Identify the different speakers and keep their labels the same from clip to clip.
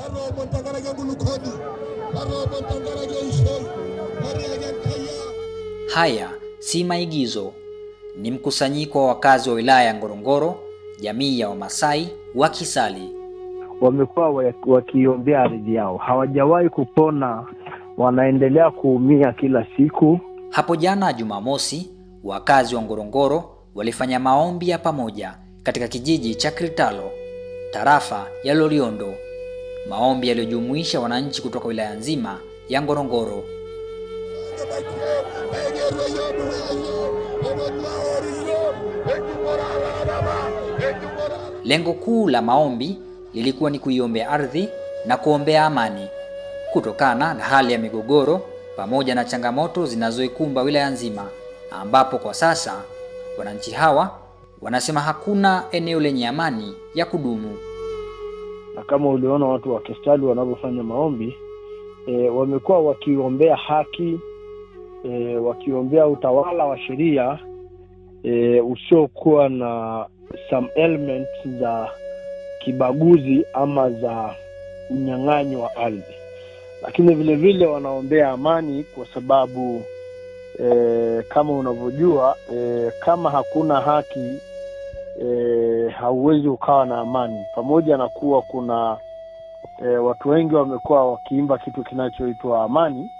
Speaker 1: kaya. Haya si maigizo, ni mkusanyiko wa wakazi wa wilaya ya Ngorongoro, jamii ya Wamasai wa Kisali.
Speaker 2: Wamekuwa wakiombea ardhi yao, hawajawahi kupona, wanaendelea kuumia kila siku.
Speaker 1: Hapo jana Jumamosi, wakazi wa Ngorongoro walifanya maombi ya pamoja katika kijiji cha kritalo tarafa ya Loliondo maombi yaliyojumuisha wananchi kutoka wilaya nzima ya Ngorongoro. Lengo kuu la maombi lilikuwa ni kuiombea ardhi na kuombea amani kutokana na hali ya migogoro pamoja na changamoto zinazoikumba wilaya nzima, ambapo kwa sasa wananchi hawa wanasema hakuna eneo lenye amani ya kudumu
Speaker 2: na kama uliona watu wa Kestali wanavyofanya maombi e, wamekuwa wakiombea haki e, wakiombea utawala wa sheria e, usiokuwa na some za kibaguzi ama za unyang'anyi wa ardhi lakini vile vile wanaombea amani kwa sababu e, kama unavyojua e, kama hakuna haki e, hauwezi ukawa na amani, pamoja na kuwa kuna e, watu wengi wamekuwa wakiimba kitu kinachoitwa amani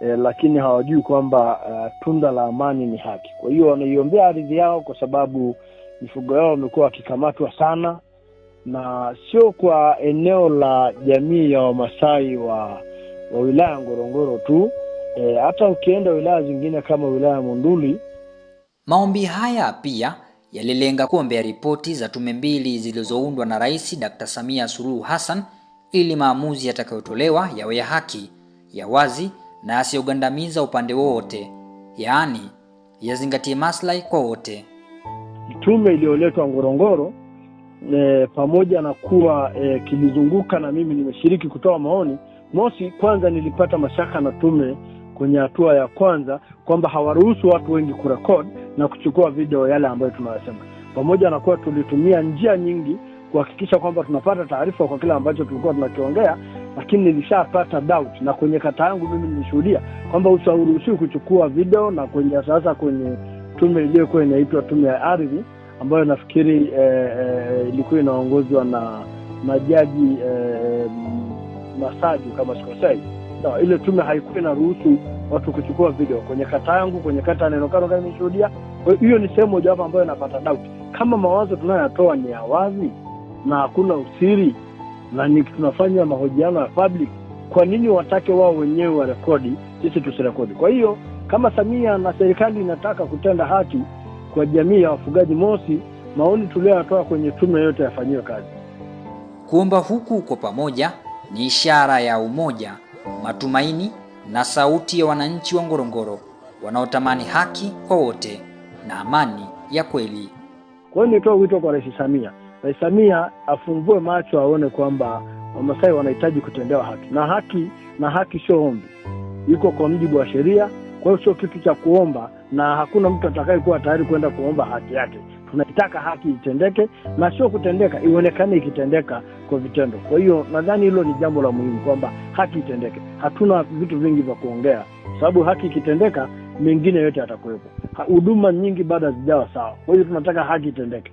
Speaker 2: e, lakini hawajui kwamba uh, tunda la amani ni haki. Kwa hiyo wanaiombea ardhi yao, kwa sababu mifugo yao wamekuwa wakikamatwa sana, na sio kwa eneo la jamii ya Wamasai wa, wa wilaya ya Ngorongoro tu e, hata ukienda wilaya zingine kama wilaya ya Monduli.
Speaker 1: Maombi haya pia yalilenga kuombea ripoti za tume mbili zilizoundwa na Rais Dr. Samia Suluhu Hassan ili maamuzi yatakayotolewa yawe ya haki, ya wazi na yasiyogandamiza upande wowote, yaani yazingatie maslahi kwa wote.
Speaker 2: Tume iliyoletwa Ngorongoro e, pamoja na kuwa e, kilizunguka na mimi nimeshiriki kutoa maoni. Mosi, kwanza nilipata mashaka na tume kwenye hatua ya kwanza kwamba hawaruhusu watu wengi kurekod na kuchukua video yale ambayo tunayasema, pamoja na kuwa tulitumia njia nyingi kuhakikisha kwamba tunapata taarifa kwa kile ambacho tulikuwa tunakiongea, lakini nilishapata doubt, na kwenye kata yangu mimi nilishuhudia kwamba usauruhusiwi kuchukua video, na kwenye sasa kwenye tume iliyokuwa inaitwa tume ya ardhi ambayo nafikiri eh, eh, ilikuwa eh, inaongozwa na majaji eh, Masaju kama sikosai sawa. Ile tume haikuwa inaruhusu watu kuchukua video kwenye kata yangu, kwenye kata ya Neno Kano kama Hiyo ni sehemu mojawapo ambayo napata doubt kama mawazo tunayotoa ni ya wazi na hakuna usiri na ni tunafanya mahojiano ya public, kwa nini watake wao wenyewe warekodi, sisi tusirekodi? Kwa hiyo kama Samia na serikali inataka kutenda haki kwa jamii ya wafugaji, mosi, maoni tulioyatoa kwenye tume yote yafanyiwe kazi.
Speaker 1: Kuomba huku kwa pamoja ni ishara ya umoja matumaini na sauti ya wananchi wa Ngorongoro wanaotamani haki kwa wote na amani ya kweli.
Speaker 2: Kwa hiyo nitoa wito kwa Rais Samia, Rais Samia afungue macho, aone kwamba Wamasai wanahitaji kutendewa haki na haki, na haki sio ombi, iko kwa mjibu wa sheria. Kwa hiyo sio kitu cha kuomba, na hakuna mtu atakayekuwa tayari kwenda kuomba haki yake. Tunaitaka haki itendeke na sio kutendeka, ionekane ikitendeka kwa vitendo. Kwa hiyo nadhani hilo ni jambo la muhimu kwamba haki itendeke hatuna vitu vingi vya kuongea, sababu haki ikitendeka mengine yote yatakuwepo. Huduma nyingi bado hazijawa sawa, kwa hiyo tunataka haki itendeke.